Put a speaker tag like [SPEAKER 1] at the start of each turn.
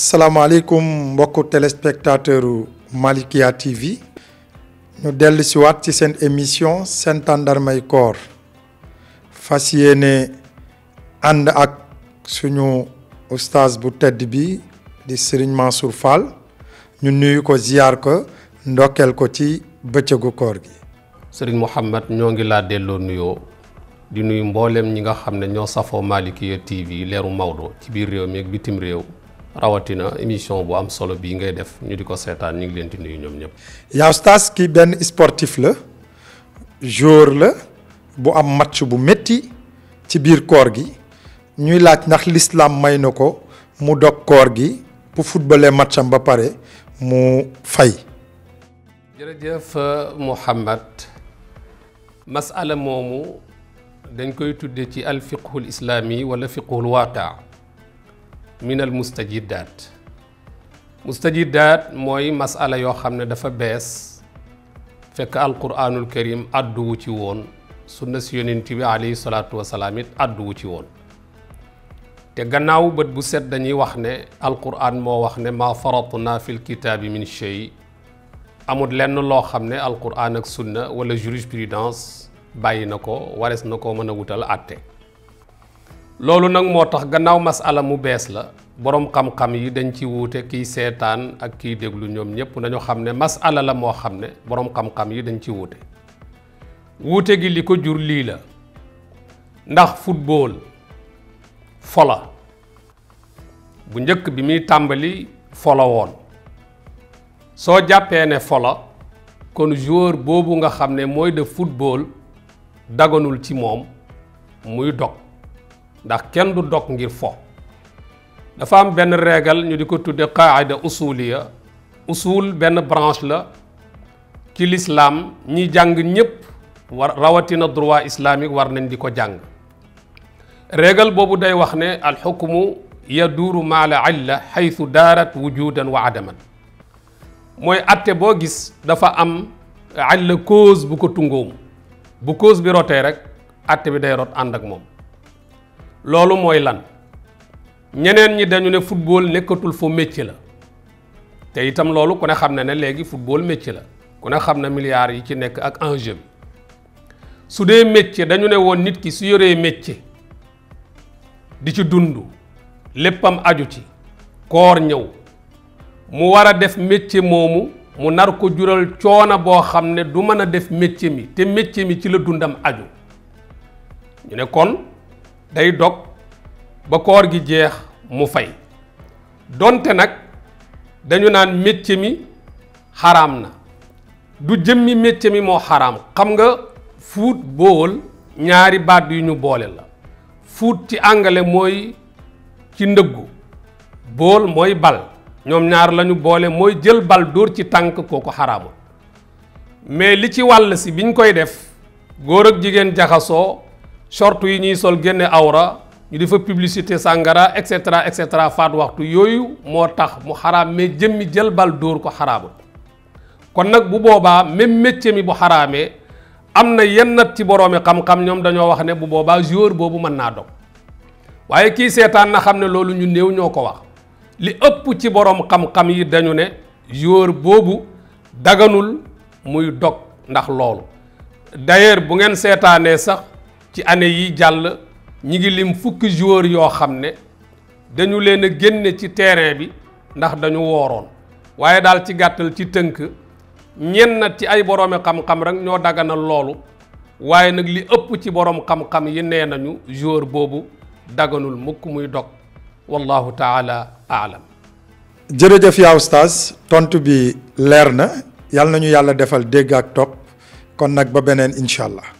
[SPEAKER 1] asalaamaaleykum mbokku téléspectateur Malikia TV ñu dellu si waat ci seen émission seen tàndarmay fas yéene ànd ak suñu oustaz bu tedd bi di Serigne Mansour ñu nuyu ko ziar ko ndokkeel ko ci bëccëgu koor gi.
[SPEAKER 2] Serigne Mouhamed ñoo ngi laa delloo nuyoo di nuyu mboolem ñi nga xam ne ñoo safoo Malikia TV leeru Maodo ci biir réew mi ak bitim réew. rawatina émission bu am solo bii ngay def ñu di ko seetaan ñu ngi leen di nuyu ñoom ñëpp.
[SPEAKER 1] yaa Oustaz kii benn sportif la joueur la bu am match bu métti ci biir koor gi ñuy laaj ndax lislaam may na ko mu dog koor gi bu footballee matcham ba pare mu fay.
[SPEAKER 2] jërëjëf euh, Mouhammad masala moomu dañ koy tudde ci alfiqhul islaami wala fiqhul waaqaa minal mustajidaat mustajidaat mooy masala yoo xam ne dafa bees fekk alquraanul karim àdduwu ci woon sunna si yonent bi alayhi salaatu wasalaam it àdduwu ci woon te gannaaw bët bu set dañuy wax ne alquraan moo wax ne maa faratna fil kitaabi min shay amul lenn loo xam ne alquraan ak sunna wala jurisprudence bàyyi na ko warees na ko mën a wutal àtte loolu nag moo tax gannaaw masala mu bees la boroom xam-xam yi dañ ci wuute kiy seetaan ak kiy déglu ñoom ñëpp nañu xam ne masala la moo xam ne boroom xam-xam yi dañ ci wuute wuute gi li ko jur lii la ndax football fola bu njëkk bi muy tàmbali fola woon soo jàppee ne fola kon joueur boobu nga xam ne mooy de football daganul ci moom muy dog ndax kenn du dog ngir fo dafa am benn régal ñu di ko tudde qaida usuliya usul benn branche la ci l'islam ñi jàng ñépp war rawatina droit islamique war nañ di ko jàng régal boobu day wax ne al hukmu yaduru ma la illa haythu darat wujudan wa adaman mooy atte boo gis dafa am illa cause bu ko tungoom bu cause bi rotee rek atte bi day rot ànd ak moom loolu mooy lan ñeneen ñi dañu ne football nekkatul fu métier la te itam loolu ku ne xam ne ne léegi football métier la ku ne xam ne milliards yi ci nekk ak enjeu bi su dee métier dañu ne woon nit ki su yoree métier di ci dund léppam aju ci koor ñëw mu war a def métier moomu mu nar ko jural coono boo xam ne du mën a def métier mi te métier mi ci la dundam aju ñu ne kon day dog ba koor gi jeex mu fay donte nag dañu naan métier mi xaraam na du jëmmi métier mi moo xaraam xam nga fuut bowl ñaari baat yu ñu boole la fuut ci àngale mooy ci ndëggu bool mooy bal ñoom ñaar lañu boole mooy jël bal dóor ci tànk kooku xaraamul mais li ci wàll si biñ koy def góor ak jigéen jaxasoo short yi ñuy sol génne awra ñu di fa publicité sàngara et cetera et cetera faat waxtu yooyu moo tax mu xaraam mais jëmmi jëlbal dóor ko xaraamul kon nag bu boobaa même métier mi bu xaraamee am na yennat ci boroomi xam-xam ñoom dañoo wax ne bu boobaa joueur boobu mën naa dog waaye kii seetaan na xam ne loolu ñu néew ñoo ko wax li ëpp ci boroom xam-xam yi dañu ne joueur boobu daganul muy dog ndax loolu d'ailleurs bu ngeen seetaanee sax ci année yi jàll ñi ngi lim fukki joueur yoo xam ne dañu leen a génne ci terrain bi ndax dañu wooroon waaye daal ci gàttal ci tënk ñenn ci ay boroomi xam-xam rek ñoo daganal loolu waaye nag li ëpp ci boroom xam-xam yi nee nañu joueur boobu daganul mukk muy dog wallahu taala aalam
[SPEAKER 1] jërëjëf yaa oustaz tontu bi leer na yàlla nañu yàlla defal dégg ak topp kon nag ba beneen incha allah